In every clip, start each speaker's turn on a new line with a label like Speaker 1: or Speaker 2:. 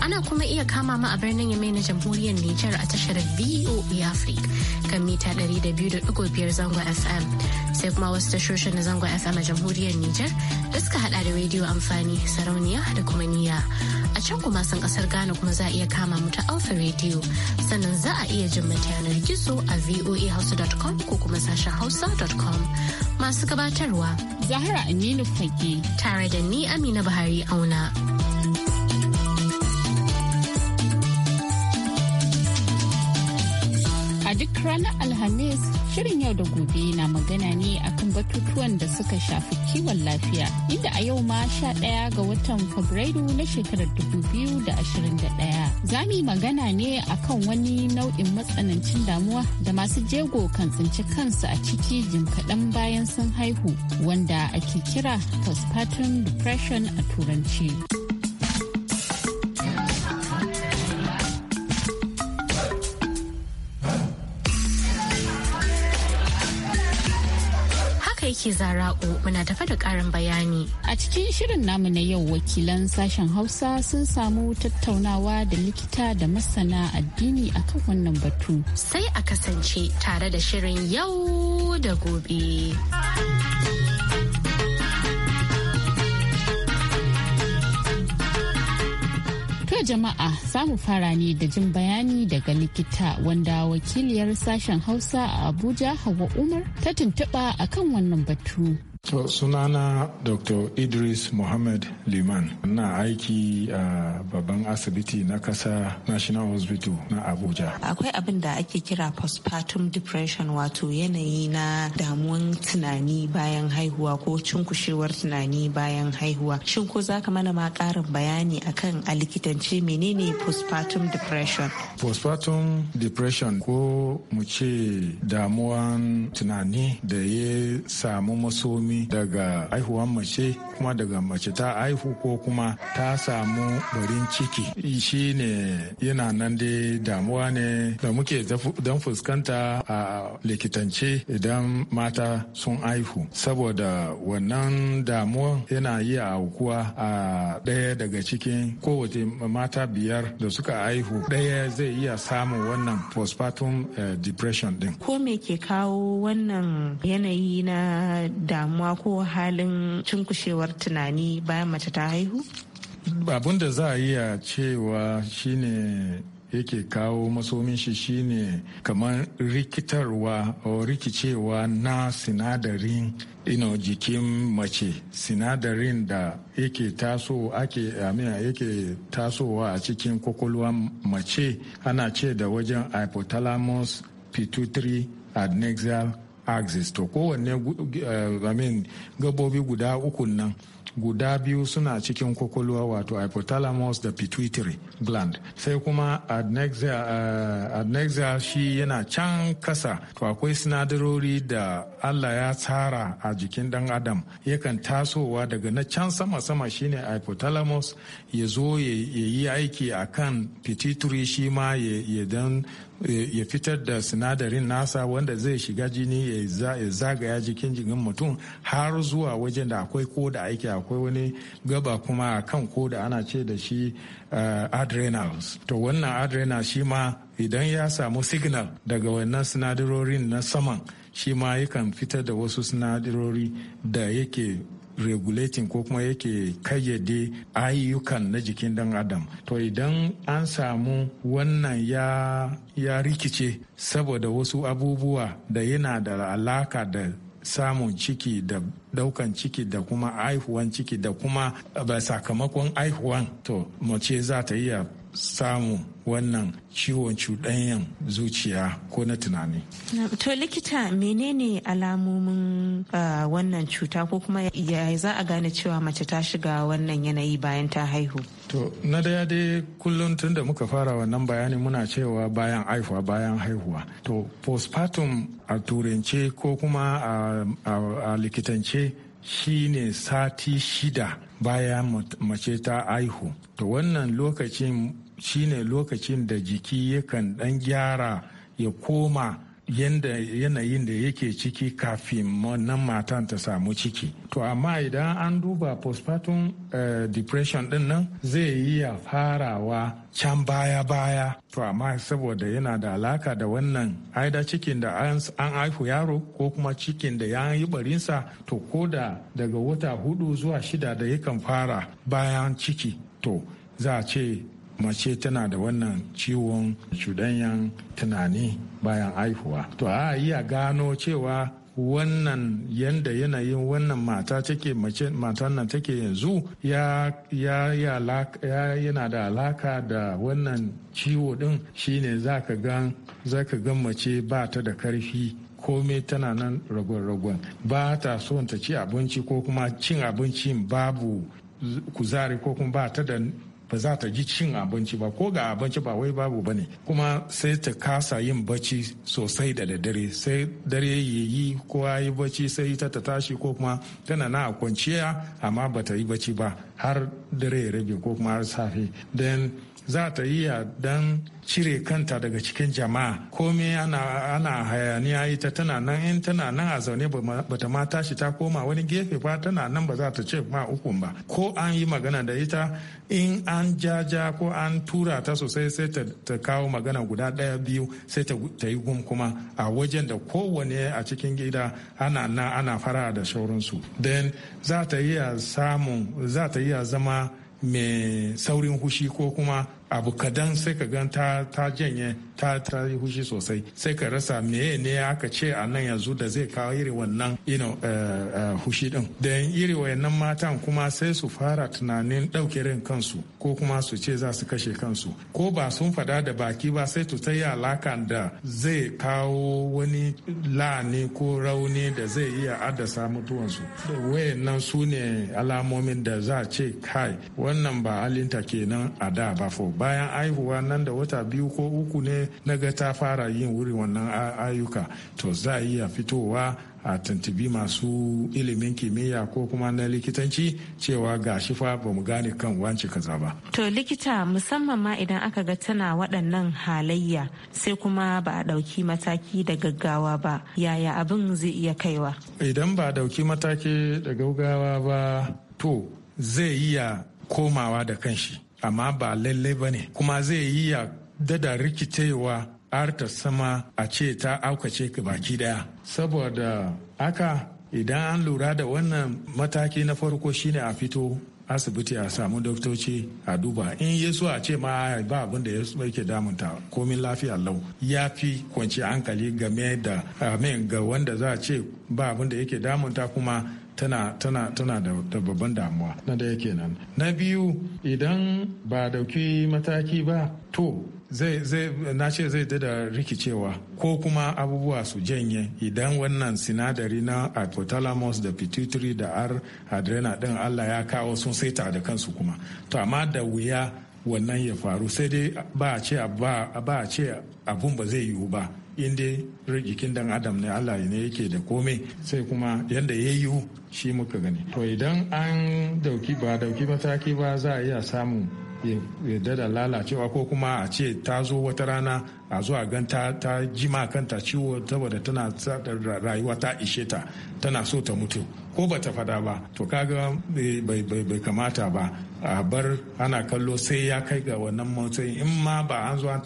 Speaker 1: Ana kuma iya kama ma a birnin Yame na jamhuriyar Nijar a tashar VOA Africa kan mita 200.5 zango FM. Sai kuma wasu tashoshin na zango FM a jamhuriyar Nijar da suka hada da rediyo amfani sarauniya da kuma niya. A can kuma sun kasar Ghana kuma za a iya kama mu ta Alpha Radio sannan za a iya jin mata yanar gizo a voahausa.com ko kuma sashen hausa.com. Masu gabatarwa. Zahra Aminu Fage. Tare da ni Amina Buhari Auna.
Speaker 2: duk ranar Alhamis shirin yau da gobe na magana ne akan batutuwan da suka shafi kiwon lafiya inda a yau ma sha ɗaya ga watan Fabrairu na shekarar dubu biyu da ashirin da ɗaya. Za yi magana ne akan wani nau'in matsanancin damuwa da masu jego kan tsinci kansu a ciki jim kaɗan bayan sun haihu wanda ake kira postpartum depression a turanci.
Speaker 1: ke zara'u
Speaker 2: muna tafa da karin bayani. A cikin shirin namu na yau wakilan sashen Hausa sun samu tattaunawa da likita da masana addini akan wannan batu. Sai
Speaker 1: a kasance tare da shirin yau da gobe.
Speaker 2: To jama'a za fara ne da jin bayani daga likita wanda wakiliyar sashen Hausa a Abuja Hawa Umar ta tuntuɓa akan wannan batu.
Speaker 3: So, sunana Dr. Idris Mohammed Liman na aiki a babban asibiti na kasa National Hospital na Abuja.
Speaker 4: Akwai abin da ake kira postpartum depression wato yanayi na damuwan tunani bayan haihuwa ko cunkushewar tunani bayan haihuwa. Shin ko za ka mana ma karin bayani akan a likitance menene postpartum
Speaker 3: depression? Postpartum depression ko mu ce damuwan tunani da ya samu masomi alamomi daga haihuwar mace kuma daga mace ta haihu ko kuma ta samu barin ciki shi ne yana nan dai damuwa ne da muke don fuskanta a likitance idan mata sun haihu saboda wannan damuwa yana yi a aukuwa a ɗaya daga cikin kowace mata biyar da suka haihu ɗaya zai iya samun wannan postpartum eh, depression din
Speaker 4: ko me ke kawo wannan yanayi na damuwa damuwa ko halin cunkushewar tunani bayan mace ta haihu?
Speaker 3: abun da za a iya cewa shine yake kawo masomin shi shine kamar rikitarwa o rikicewa na sinadarin ino jikin mace sinadarin da yake taso ake amina yake tasowa a cikin kwakwalwa mace ana ce da wajen hypothalamus pituitary adnexal axis to kowanne ramin eh, gabobi guda uku nan guda biyu suna cikin kwakwalwa wato hypothalamus da pituitary gland sai kuma adnexia, eh, shi yana can kasa to akwai sinadarori da allah ya tsara a jikin dan adam yakan tasowa daga na can sama-sama shine hypothalamus ya zo ya yi aiki a kan pituitary shi ma ya dan ya fitar da sinadarin nasa wanda zai shiga jini ya zagaya jikin jikin mutum har zuwa wajen da akwai koda aiki akwai wani gaba kuma a kan koda ana ce da shi eh, adrenals to wannan adrenal shi ma idan ya samu signal daga wannan sinadarorin na saman shi ma yakan fitar da wasu sinadarori da yake regulating ko kuma yake kayyade ayyukan na jikin dan adam to idan an samu wannan ya ya rikice saboda wasu abubuwa da yana da alaka da samun ciki da daukan ciki da kuma aihuwan ciki da kuma ba sakamakon aihuwan to mace za ta iya samu wannan ciwon cuɗanyan zuciya ko na tunani.
Speaker 4: To likita menene alamomin ah, wannan cuta ko kuma ya za a gane cewa mace ta shiga wannan yanayi bayan ta haihu?
Speaker 3: To na daya dai kullum tun da muka fara wannan bayani muna cewa bayan haihuwa bayan haihuwa. To postpartum a turance ko kuma a likitance shine sati shida bayan mace ta haihu. to wannan lokacin shine lokacin da jiki yakan ɗan gyara ya koma yanda yanayin da yake ciki kafin nan matan ta samu ciki to amma idan an duba postpartum uh, depression din nan zai yi ya farawa can baya-baya to amma saboda yana da alaka da wannan aida cikin da an haihu yaro ko kuma cikin da ya yi barinsa to ko daga wata hudu zuwa shida da yakan fara bayan ciki to za a ce mace tana da wannan ciwon cuɗanyan tunani bayan haihuwa to a iya gano cewa wannan yanda yanayin wannan mata take mace matan nan take yanzu ya ya ya yana da alaka da wannan ciwo din shine zaka gan zaka gan mace ba ta da karfi komai tana nan ragon-ragon ba ta son ta ci abinci ko kuma cin abincin babu kuzari ko kuma ba ta da ba za ta ji cin abinci ba ko ga abinci ba wai babu ba ne kuma sai ta kasa yin bacci sosai da dare sai dare ya yi ko a yi bacci sai ta ta tashi ko kuma tana na kwanciya amma ba ta yi bacci ba har dare ya rabe ko kuma har safe then za ta yi a dan cire kanta daga cikin jama'a komai ana, hayaniya ita tana nan in tana nan a zaune ba ta ma tashi ta koma wani gefe ba tana nan ba za ta ce ma ukun ba ko an yi magana da ita in an an jaja ko an tura ta sosai sai ta kawo magana guda ɗaya biyu sai ta yi gum kuma a wajen da kowane a cikin gida ana na ana fara da shaurinsu then za ta iya samun za ta iya zama mai saurin hushi ko kuma abu kadan sai ka gan ta janye ta ta yi hushi sosai sai ka rasa meye ne aka ce a nan yanzu da zai kawo iri wannan ino eh, eh, hushi din da iri wayannan matan kuma sai su fara tunanin ɗauke rin kansu ko kuma su ce za su kashe kansu ko ba sun fada da baki ba sai su ta yi alaka da zai kawo wani la'ani ko rauni da zai iya addasa mutuwansu wayannan su ne alamomin da za a ce kai wannan ba alinta kenan a da ba fo bayan aihuwa nan da wata biyu ko uku ne na ga ta fara yin wuri wannan ayyuka to za a iya fitowa a tantibi masu ilimin kimiyya ko kuma na likitanci cewa ga shi fa ba mu gane kan wance kaza ba.
Speaker 4: To likita musamman ma idan aka ga tana waɗannan halayya sai kuma ba a ɗauki mataki da gaggawa ba yaya abin zai iya kaiwa.
Speaker 3: Idan ba a ɗauki mataki da gaggawa ba to zai iya komawa da kanshi amma ba lalle ba ne kuma zai iya dada rikicewa arta sama a ce ta aukace ka baki daya saboda aka idan an lura da wannan mataki na farko shine a fito asibiti a samu doktoci a duba in yesu a ce ma ba abin da yesu yake damunta komin lafiya lau ya fi kwanci hankali game da amin ga wanda za a ce ba abin da yake damunta kuma tana tana tana da babban damuwa na da yake nan na biyu idan ba dauki mataki ba to zai zai na ce zai da rikicewa ko kuma abubuwa su janye idan wannan sinadari na hypothalamus da pituitary da r adrenal din Allah ya kawo sun saita da kansu kuma to amma da wuya wannan ya faru sai dai ba a ce ba a ce abun ba zai yiwu ba in dai jikin dan adam ne Allah ne yake da komai sai kuma yadda ya yiwu shi muka gani to idan an dauki ba dauki mataki ba za a iya samun da lalacewa ko kuma a ce ta zo wata rana a zo a gan ta ji ma kanta ciwo saboda tana rayuwa ta ishe ta tana so ta mutu ko ba ta fada ba to kaga bai kamata ba a bar ana kallo sai ya kai ga wannan matsayin in ma ba an zo an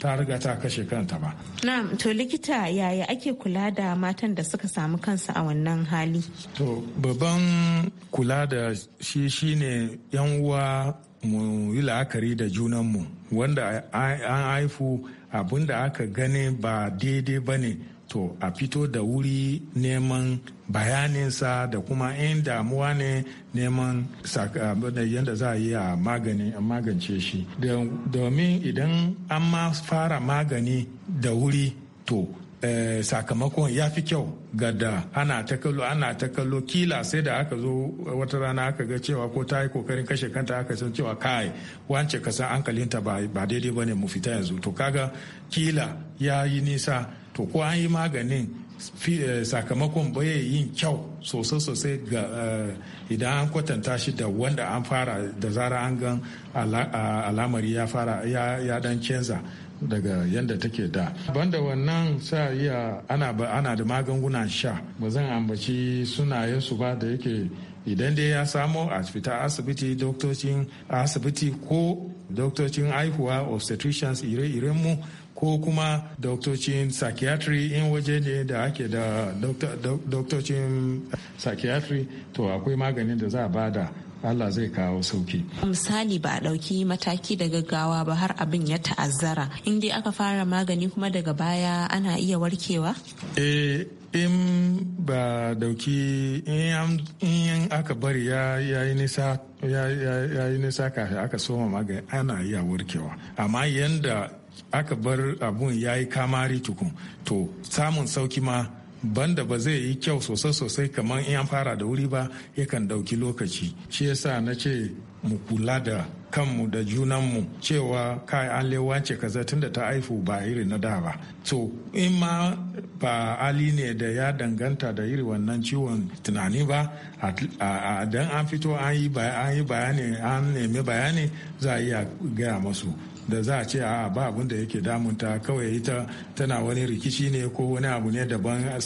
Speaker 3: ta riga ta kashe kanta ba.
Speaker 4: na'am to likita yaya ake kula da matan da suka samu kansu a wannan hali.
Speaker 3: to babban kula da shi shine yan uwa mu yi la'akari da junanmu wanda an haifu abin da aka gane ba daidai ba ne to a fito da wuri neman bayaninsa da kuma in damuwa ne neman yadda za a yi a magani a magance shi domin idan an ma fara magani da wuri to Eh, sakamakon ya fi kyau ga da ana ta kallo ana ta kallo kila sai da aka zo wata rana aka ga cewa ko ta yi kokarin kashe kanta aka san cewa kai wance ka san hankalinta ba daidai ba ne mu fita yanzu to kaga kila ya yi nisa to ko an yi maganin eh, sakamakon bai yin kyau sosai-sosai ga eh, idan an kwatanta shi da wanda an fara da zara an gan alamari ya fara ya dan canza daga yadda take da banda wannan sa iya ana da magunguna sha ba zan ambaci sunayensu ba da yake idan dai ya samo a fita asibiti doktocin asibiti ko doktocin haihuwa obstetricians ire-iren mu ko kuma doktocin psychiatry in waje ne da ake da doktocin psychiatry to akwai maganin da za a bada Allah zai kawo sauki.
Speaker 4: Misali ba a ɗauki mataki da gaggawa ba har abin ya ta'azzara. In dai aka fara magani kuma daga baya ana iya warkewa?
Speaker 3: Eh in ba dauki in aka bari ya yi nisa ya kafin aka soma magani ana iya warkewa amma yanda aka bar abun ya yi kamari tukun to samun sauki ma banda ba zai yi kyau sosai sosai kamar in an fara da wuri ba yakan ɗauki lokaci shi yasa na ce mu kula da kanmu da junanmu cewa kai an lewance kaza tun da ta haifu ba iri na da ba to in ma ba ali ne da ya danganta da iri wannan ciwon tunani ba dan an fito an yi bayani an nemi bayani za a iya gaya masu da za a ce a ba abun da yake damunta kawai ita tana wani rikici ne ko wani abu ne daban a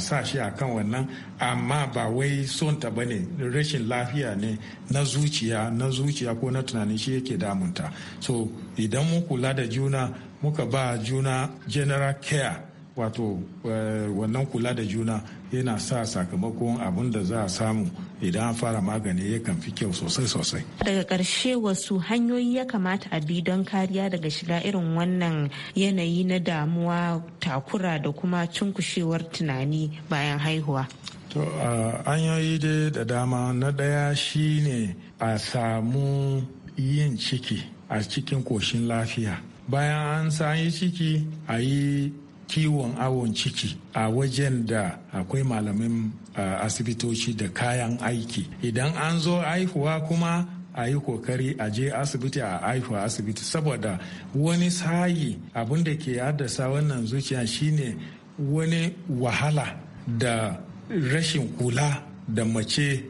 Speaker 3: sa shi a kan wannan amma ba wai son ta ne rashin lafiya ne na zuciya na zuciya ko na tunani shi yake damunta so idan mun kula da juna muka ba juna general care wato eh, wannan kula da juna yana sa sakamakon abin da za a samu idan an fara magani yakan fi kyau sosai sosai
Speaker 4: daga ƙarshe wasu hanyoyi ya kamata a bi don kariya daga shiga irin wannan yanayi na damuwa takura da kuma cunkushewar tunani bayan haihuwa
Speaker 3: to hanyoyi dai da dama na ɗaya shine a samu yin ciki a cikin koshin lafiya bayan an sa yi ciki a yi kiwon awon ciki a wajen da akwai malamin asibitoci da kayan aiki idan an zo haihuwa kuma a yi kokari a je asibiti a haihuwa asibiti saboda wani sayi abin da ke haddasa wannan zuciya shine wani wahala da rashin kula da mace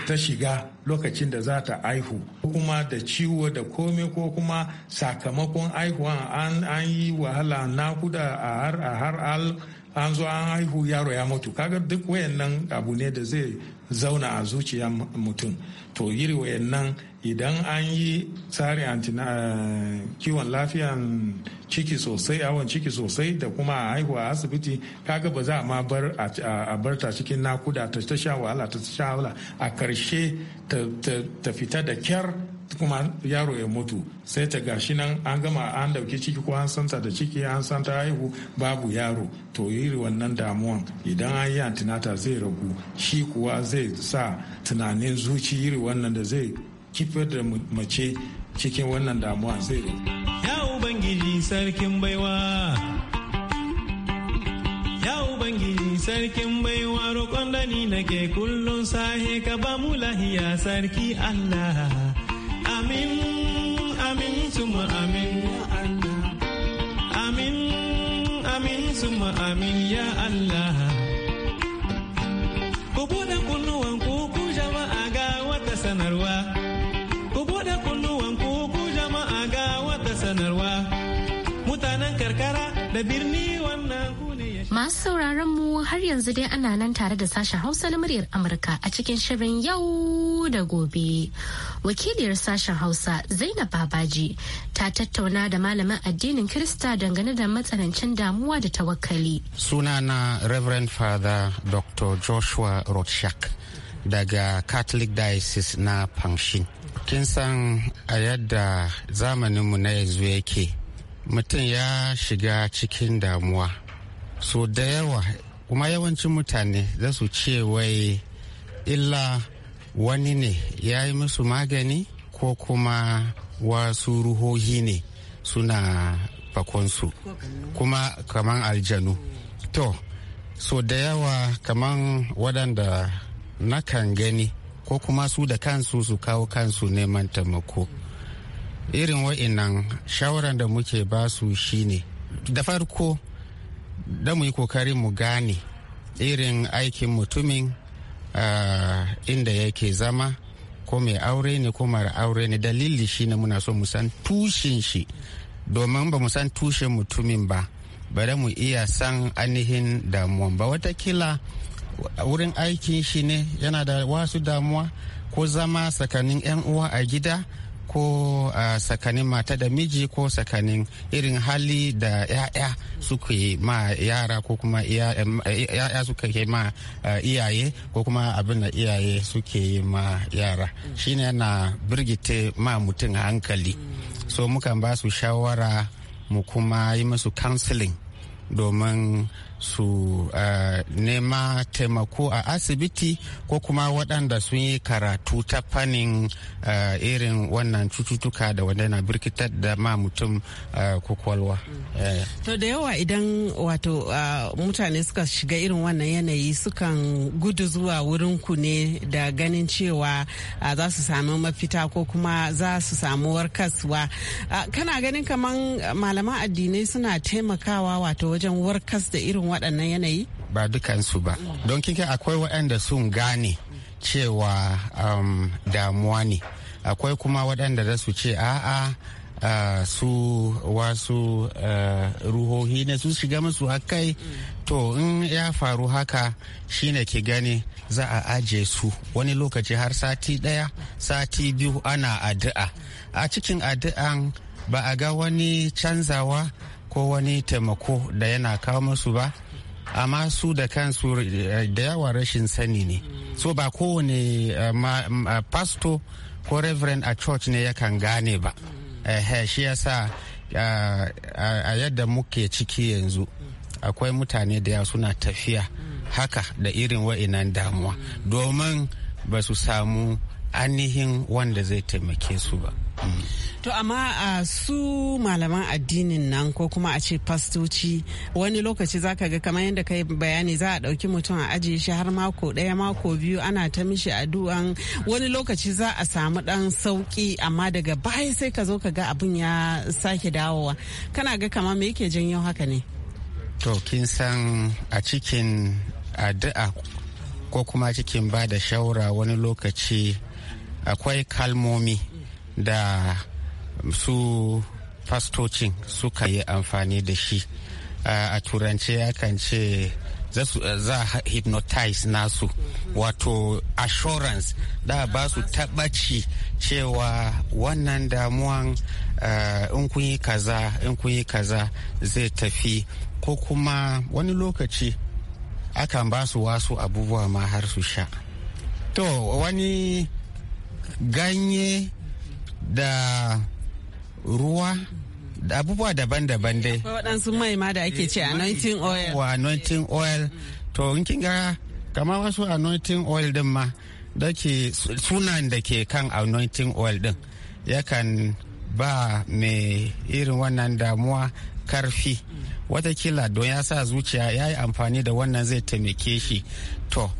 Speaker 3: ta, shiga lokacin da za ta aihu kuma da ciwo da komai ko kuma sakamakon aihuwa an, yi wahala nakuda a har, a har al an zo an haihu yaro ya mutu kaga duk wayannan abu ne da zai zauna a zuciya mutum to yiri wayannan idan an yi tsari eh, kiwon lafiyan ciki sosai awon ciki sosai da kuma a haihuwa a asibiti kaga ba za a ma bar a bar cikin nakuda ta ta sha wahala ta sha wahala a karshe ta fita da kyar kuma yaro ya mutu sai ta gashi nan an gama an dauki ciki ko an santa da ciki an santa haihu babu yaro to iri wannan damuwan idan an yi antinata zai ragu shi kuwa zai sa tunanin zuci iri wannan da zai kifar da mace cikin wannan damuwa zai ragu
Speaker 5: ya ubangiji sarkin baiwa ya ubangiji sarkin baiwa roƙon da ni nake kullum sahe ka ba mu lahiya sarki allah amin amin suma amin amin amin suma amin ya Allah ku bude kunnuwan ku ku jama'a ga wata sanarwa ku bude kunnuwan ku ku jama'a ga wata sanarwa mutanen karkara da birni
Speaker 1: Masu sauraron mu har yanzu dai ana nan tare da sashen Hausa na muryar Amurka a cikin shirin yau da gobe. Wakiliyar sashen Hausa Zainab Babaji ta tattauna da malamin addinin Kirista dangane da matsanancin damuwa da tawakkali.
Speaker 6: Sunana Reverend Father Dr. Joshua Rothschild daga Catholic Diocese na panshin Kin san a yadda zamaninmu na yanzu yake, mutum ya shiga cikin damuwa. so da yawa kuma yawancin mutane za su ce wai illa wani ne ya yi musu magani ko kuma wasu ruhohi ne suna bakonsu kuma kaman aljanu to so da yawa kaman waɗanda kan gani ko kuma su da kansu su kawo kansu neman taimako irin wa'inan shawaran da muke basu shine da farko da mu yi kokari mu gane irin aikin mutumin ah, inda yake zama ko mai aure ne ko mara aure ne dalili shi ne muna so mu san tushin shi domin ba san tushen mutumin ba bari mu iya san ainihin damuwan ba watakila wurin aikin shi ne yana da wasu damuwa ko zama tsakanin 'yan uwa a gida ko a tsakanin mata da miji ko tsakanin irin hali da 'ya'ya suke ma yara ko kuma 'ya'ya suka yi ma iyaye ko kuma abin da iyaye suke yi ma yara shine yana birgite ma mutum hankali so mukan ba su shawara mu kuma yi musu counseling domin su eh, nema taimako a asibiti ko kuma waɗanda sun yi karatu ta fannin eh, irin wannan cututtuka da wanda na birkitar da ma mutum eh, kwakwalwa.
Speaker 7: to da yawa idan wato ah, mutane suka shiga irin wannan yanayi sukan gudu zuwa wurin ku ne da ganin cewa ah, za su sami mafita ko kuma za su samu warkaswa ah, kana ganin kamar malaman addinai suna taimakawa wato wajen warkas da irin waɗannan yanayi ba dukansu
Speaker 6: ba don kinka akwai waɗanda sun gane cewa um, damuwa ne akwai kuma waɗanda za su ce a'a Uh, su wasu uh, ruhohi ne su shiga musu a kai to in ya faru haka shine ke gani za a aje su wani lokaci har sati ɗaya sati biyu ana addu'a a cikin addu'an ba a ga wani canzawa ko wani taimako da yana kawo masu ba amma su da kansu eh, da yawa rashin sani ne so ba kowane eh, mm, eh, pasto ko reverend a church ne yakan gane ba shi yasa a yadda muke ciki yanzu akwai mutane da yawa suna tafiya haka da irin wa'inan damuwa domin ba su samu ainihin wanda zai taimake su ba
Speaker 7: To amma a su malaman addinin nan ko kuma a ce fastoci wani lokaci za ka ga kamar yadda yi bayani za a ɗauki mutum a ajiye shi har mako ɗaya mako biyu ana ta mishi addu'an wani lokaci za a samu ɗan sauƙi amma daga baya sai ka zo ka ga abin ya sake dawowa kana ga kamar me yake janyo haka ne.
Speaker 6: To kin san a cikin addu'a ko kuma cikin ba da shawara wani lokaci akwai kalmomi. da su fastocin suka yi amfani da shi a turance yakan ce za a hypnotize nasu wato assurance da ba su tabbaci cewa wannan damuwan in kun yi kaza in kun yi kaza zai tafi ko kuma wani lokaci akan ba su wasu abubuwa ma har su sha to wani ganye da ruwa da abubuwa daban-daban dai. Akwai
Speaker 7: waɗansu mai ma da ake ce
Speaker 6: anointing oil. Wa anointing oil. To in kin gara, kamar wasu anointing oil din ma da ke sunan da ke kan anointing oil din yakan ba mai irin wannan damuwa karfi watakila don ya sa zuciya ya yi amfani da wannan zai taimake shi to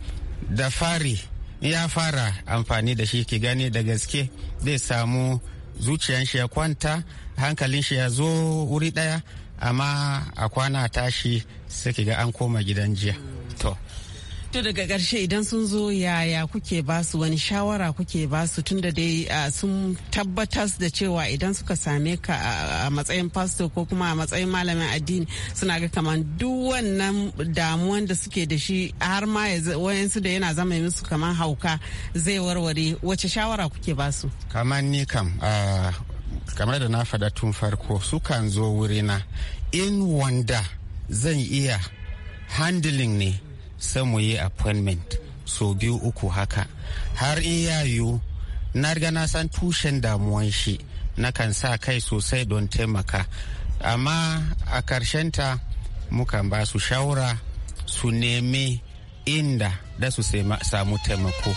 Speaker 6: da fari ya fara amfani da shi ki gani da gaske zai samu zuciyan shi ya kwanta hankalin shi ya zo wuri daya amma a kwana tashi sai ga an koma gidan jiya to
Speaker 7: To daga ƙarshe idan sun zo yaya kuke ba su wani shawara kuke ba su tunda dai sun tabbatas da cewa idan suka same ka a matsayin pastor ko kuma a matsayin malamin addini suna ga kamar duk wannan damuwan da suke da shi har ma wayansu da yana zama musu kamar hauka zai warware wace shawara kuke ba su. Kamar ni kam
Speaker 6: kamar da na faɗa tun farko sukan zo wurina in wanda zan iya handling ne. sai mu yi appointment so biyu uku haka har in ya yiwu na riga na san tushen damuwan shi na kan sa kai sosai don taimaka amma a ta muka ba su shawara su nemi inda da su samu taimako.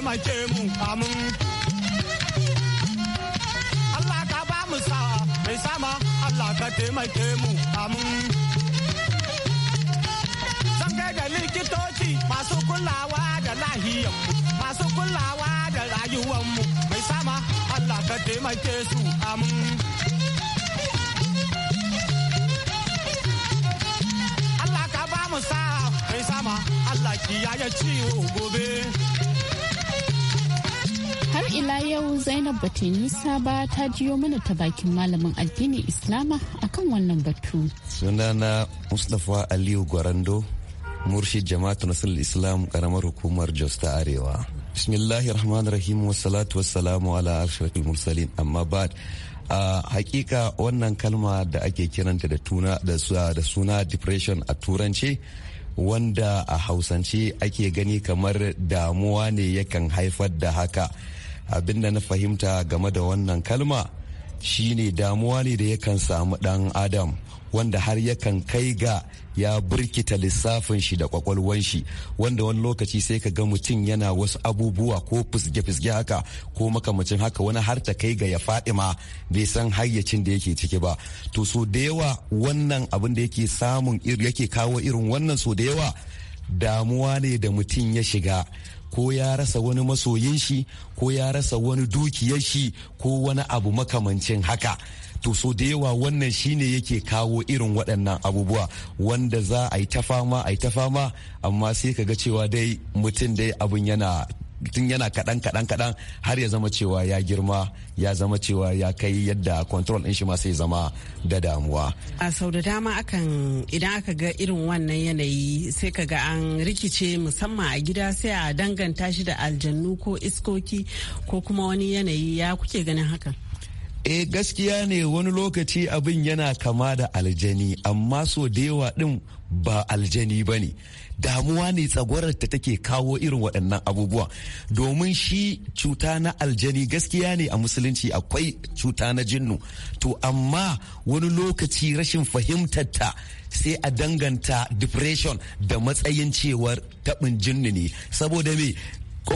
Speaker 5: taimake mun amin. Allah ka ba mu sa mai sama Allah ka taimake mu amin. Zan kai da likitoci masu kulawa da lahiyar masu kulawa da rayuwanmu mai sama Allah ka taimake su amin. Allah ka ba mu sa mai sama Allah kiyaye ciwo gobe. har ila yau
Speaker 2: zainab bata nisa ba ta jiyo mana ta bakin malamin addini islama akan wannan
Speaker 8: batu sunana mustapha aliyu gwarando murshid jama'atu nasarar islam karamar hukumar jos ta arewa bismillahir rahman rahim wassalatu wassalamu ala ashrafil mursalin amma ba a hakika wannan kalma da ake kiranta da tuna da suna depression a turanci wanda a hausance ake gani kamar damuwa ne yakan haifar da haka abin da na fahimta game da wannan kalma shine damuwa ne da yakan samu dan adam wanda har yakan kai ga ya birkita lissafin shi da kwakwalwan shi wanda wani lokaci sai ka ga mutum yana wasu abubuwa ko fisge-fisge haka ko makamacin haka wani har ta kai ga ya faɗi ma bai san hayyacin da yake ciki ba to so da yawa wannan abin da yake samun yake kawo irin wannan so da yawa damuwa ne da mutum ya shiga ko ya rasa wani masoyin shi ko ya rasa wani dukiyar shi ko wani abu makamancin haka to so da yawa wannan shine yake kawo irin waɗannan abubuwa wanda za a yi ta fama a yi ta fama amma sai ka ga cewa dai mutum dai abin yana tun yana kaɗan kaɗan kaɗan har ya zama cewa ya girma ya zama cewa ya kai yadda control ɗin shi ma sai zama da damuwa. A
Speaker 7: sau da dama akan idan aka ga irin wannan yanayi sai ka ga an rikice musamman a gida sai a danganta shi da aljannu ko iskoki ko kuma wani yanayi ya kuke ganin hakan.
Speaker 8: E eh, gaskiya ne wani lokaci abin yana kama da aljani amma so da yawa ɗin ba aljani ba ne. damuwa ne tsagwarar ta take kawo irin waɗannan abubuwa domin shi cuta na aljani gaskiya ne a musulunci akwai cuta na jinnu to amma wani lokaci rashin fahimtar ta sai a danganta depression da matsayin cewar taɓin jinnu ne saboda me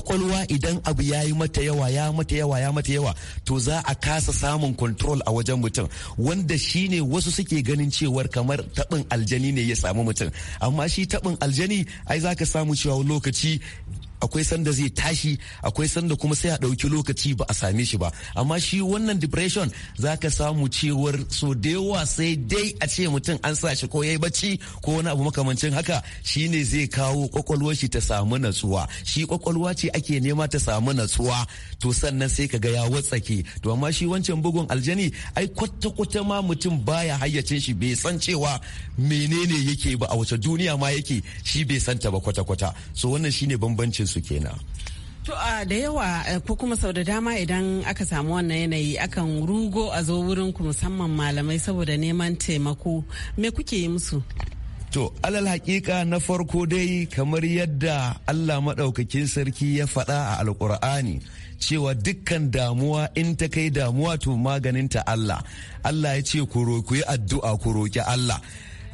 Speaker 8: kwakwalwa idan abu ya yi mata yawa ya mata yawa ya mata yawa to za a kasa samun control a wajen mutum wanda shine wasu suke ganin cewar kamar tabin aljani ne ya samu mutum amma shi tabin aljani ai za ka samu cewa lokaci akwai sanda zai tashi akwai sanda kuma sai a ɗauki lokaci ba a same shi ba amma shi wannan depression za ka samu cewar so da yawa sai dai a ce mutum an sa shi ko ya yi bacci ko wani abu makamancin haka shi ne zai kawo kwakwalwar shi ta samu natsuwa shi kwakwalwa ce ake nema ta samu natsuwa to sannan sai ka ga ya watsake to amma shi wancan bugun aljani ai kwata-kwata ma mutum baya hayyacin shi bai san cewa menene yake ba a wace duniya ma yake shi bai santa ba kwata-kwata so wannan shine bambancin su kenan
Speaker 7: To a da yawa eh, ko kuma sau da dama idan aka samu wannan yanayi akan rugo a zo wurin ku musamman malamai saboda neman taimako
Speaker 8: me kuke yi musu? To alal hakika na farko dai kamar yadda Allah maɗaukakin sarki ya faɗa a alkur'ani cewa dukkan damuwa in ta kai damuwa to maganinta Allah. Allah ya ce ku roƙi addu'a ku roƙi Allah.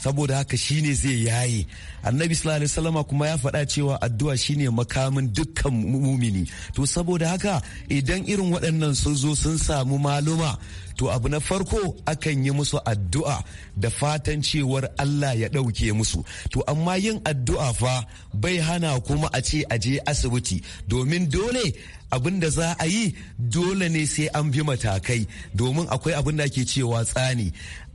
Speaker 8: saboda haka shine zai yaye annabi sallallahu alaihi wasallama kuma ya faɗa cewa addu'a shine makamin dukkan mumini to saboda haka idan irin waɗannan sun zo sun samu maluma to abu na farko akan yi musu addu'a da fatan cewar Allah ya ɗauke musu to amma yin addu'a fa bai hana kuma a ce a je asibiti domin dole abin da za a yi dole ne sai an bi matakai domin akwai abin da ake cewa tsani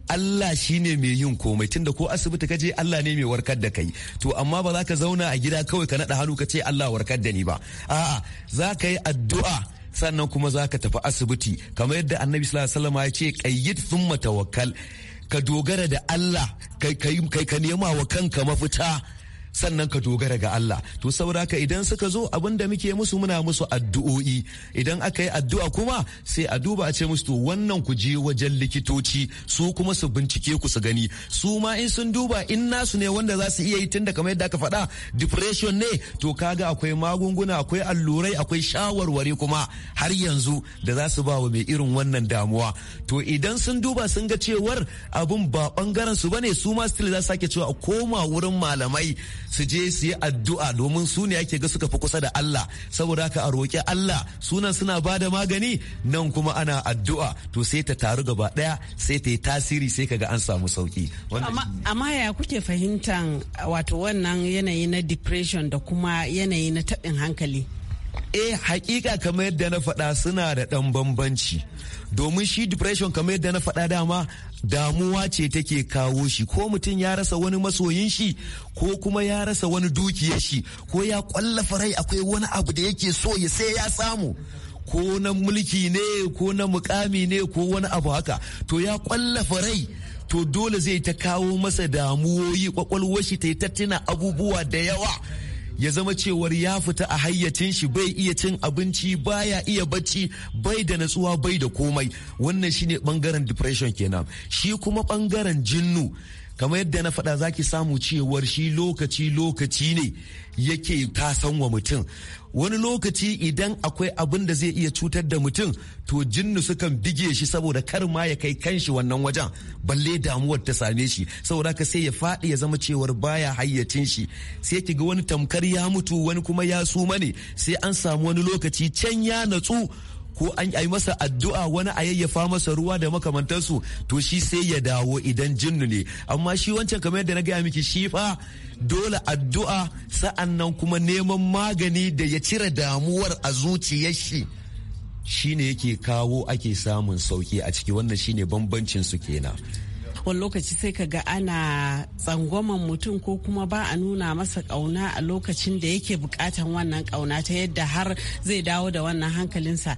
Speaker 8: Allah shi ne mai yin komai tunda ko asibiti kaje Allah ne mai warkar da kai to amma ba za ka zauna a gida kawai ka naɗa hannu ka ce Allah warkar da ni ba a'a za ka yi addu'a sannan kuma za ka tafi asibiti kamar yadda annabi sallallahu alaihi wasallam ya ce qayyid thumma tawakkal ka dogara da Allah kai ka nema wa kanka mafita sannan ka dogara ga Allah to sauraka idan suka zo abinda muke musu muna musu addu'o'i idan aka yi addu'a kuma sai a duba a ce musu to wannan ku je wajen likitoci su kuma su bincike ku su gani su ma in sun duba in nasu ne wanda za su iya yi tunda kamar yadda aka faɗa depression ne to kaga akwai magunguna akwai allurai akwai shawarwari kuma har yanzu da za su ba wa mai irin wannan damuwa to idan sun duba sun ga cewar abun ba bangaren su bane su ma still za su sake cewa koma wurin malamai su je su yi addu'a domin su ne ake ga suka fi kusa da Allah saboda haka a roƙi Allah sunan suna ba da magani nan kuma ana addu'a to sai ta taru gaba ɗaya sai ta yi tasiri sai ka ga an samu sauki.
Speaker 7: Amma ya kuke fahimtan wato wannan yanayi na depression da kuma yanayi na taɓin hankali?
Speaker 8: eh hakika kamar yadda na faɗa suna da ɗan bambanci domin shi depression kamar yadda na faɗa dama damuwa ce take kawo shi ko mutum ya rasa wani masoyin shi ko kuma ya rasa wani dukiyar shi ko ya ƙwallafa rai akwai wani abu da yake so ya sai ya samu ko na mulki ne ko na mukami ne ko wani abu haka to ya ƙwallafa rai to dole zai ta kawo masa damuwoyi ƙwaƙwalwar shi ta yi ta abubuwa da yawa ya zama cewar ya fita a hayyacin shi bai iya cin abinci baya iya bacci bai da natsuwa bai da komai wannan shine bangaren depression kenan shi kuma bangaren jinnu kamar yadda na faɗa zaki samu cewar shi lokaci lokaci ne yake tasan wa mutum wani lokaci idan akwai abin da zai iya cutar da mutum to jinnu sukan bige shi saboda kar ma ya kai kanshi wannan wajen balle damuwar ta same shi saboda ka sai ya faɗi ya zama cewar baya hayyacin shi sai ki ga wani tamkar ya mutu wani kuma ya suma ne sai an samu wani lokaci can ya natsu ko an yi masa addu'a wani a yayyafa masa ruwa da makamantansu to shi sai ya dawo idan jinnu ne amma shi wancan kamar yadda na gaya miki shi fa dole addu'a sa'an nan kuma neman magani da ya cire damuwar a zuciyar shi shine yake kawo ake samun sauki a ciki wannan shine bambancin su kenan wani lokaci sai ka
Speaker 7: ga ana tsangwaman mutum ko kuma ba a nuna masa ƙauna a lokacin da yake bukatan wannan kauna ta yadda har zai dawo da wannan hankalinsa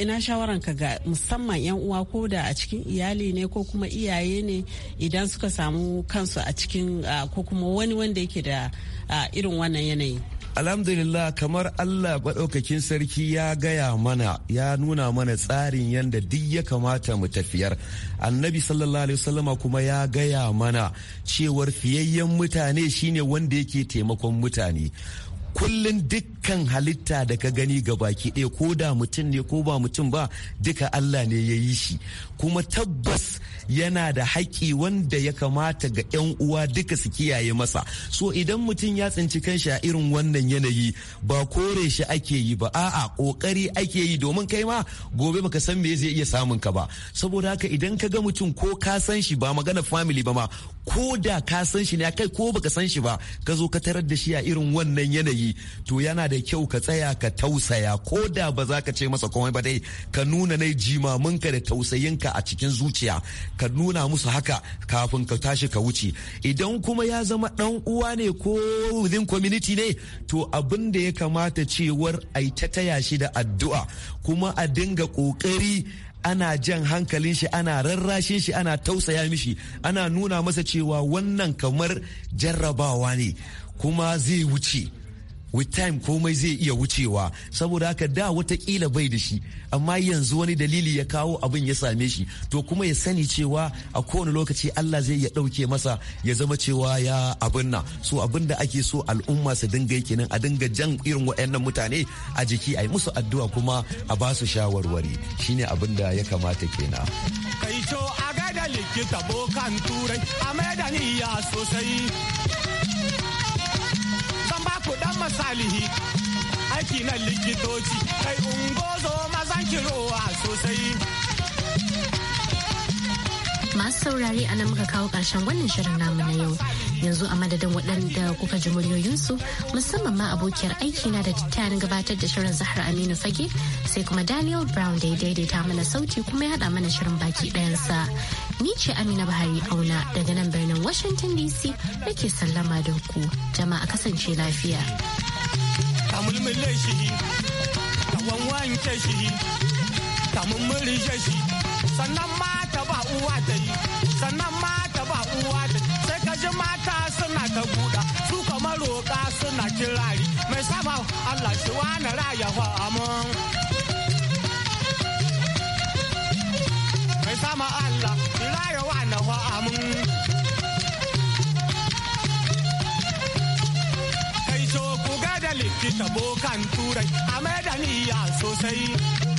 Speaker 7: ina shawaran ka ga musamman 'yan uwa ko da a cikin iyali ne ko kuma iyaye ne idan suka samu kansu a cikin ko kuma wani wanda yake da irin wannan yanayi
Speaker 8: alhamdulillah kamar allah maɗaukakin sarki ya gaya mana ya nuna mana tsarin yadda duk ya kamata mu tafiyar annabi sallallahu alaihi wasallama kuma ya gaya mana cewar fiyayyen mutane shine wanda yake taimakon mutane kullum duk Kan halitta da ka gani ga baki ɗaya ko da mutum ne ko ba mutum ba duka Allah ne ya yi shi kuma tabbas yana da haƙƙi wanda ya kamata ga 'yan uwa duka su kiyaye masa so idan mutum ya tsinci kanshi a irin wannan yanayi ba kore shi ake yi ba a'a ƙoƙari ake yi domin kai ma gobe baka san me zai iya samun ka ba saboda haka idan ka ga mutum ko ka san shi ba magana family ba ma ko da ka san shi ne kai ko baka san shi ba ka zo ka tarar da shi a irin wannan yanayi to yana da kyau ka tsaya ka tausaya ko da ba za ka ce masa komai ba dai ka nuna nai jimaminka da tausayinka a cikin zuciya ka nuna musu haka kafin ka tashi ka wuce idan kuma ya zama dan uwa ne ko within community ne to abin da ya kamata cewar a ta taya shi da addu'a kuma a dinga kokari ana jan hankalin shi ana rarrashin shi ana tausaya mishi ana nuna masa cewa wannan kamar jarrabawa ne kuma zai wuce with time komai zai iya wucewa saboda haka da watakila bai da shi amma yanzu wani dalili ya kawo abin ya same shi to kuma ya sani cewa a kowane lokaci Allah zai ya dauke masa ya zama cewa ya abin na so abin da ake so al'umma su dinga yake kenan a dinga jan irin waɗannan mutane a jiki a yi musu addu'a kuma a ba su shawarwari shine abin da ya kamata kenan
Speaker 5: kai to agada likita bokan turai a mai da niyya sosai an ba ku dan misalihi aiki na likitoci kai ungozo mazan kirowa sosai
Speaker 1: masu saurari a nan muka kawo ƙarshen wannan shirin namu na yau yanzu a madadin waɗanda kuka ji muryoyinsu musamman ma abokiyar aiki na da tattalin gabatar da shirin zahar aminu fage sai kuma daniel brown da ya daidaita mana sauti kuma ya haɗa mana shirin baki ɗayansa ni ce amina bahari auna daga nan birnin washington dc nake sallama da ku jama'a kasance lafiya
Speaker 5: shi shi sannan ma ta ba uwa ta yi sannan ma ta ba uwa ta sai ka ji mata suna ta buɗa su kamar roƙa suna kirari mai sama Allah shi wani raya amin mai sama Allah shi raya wani amin kai so ku ga da likita bokan turai a mai da niyya sosai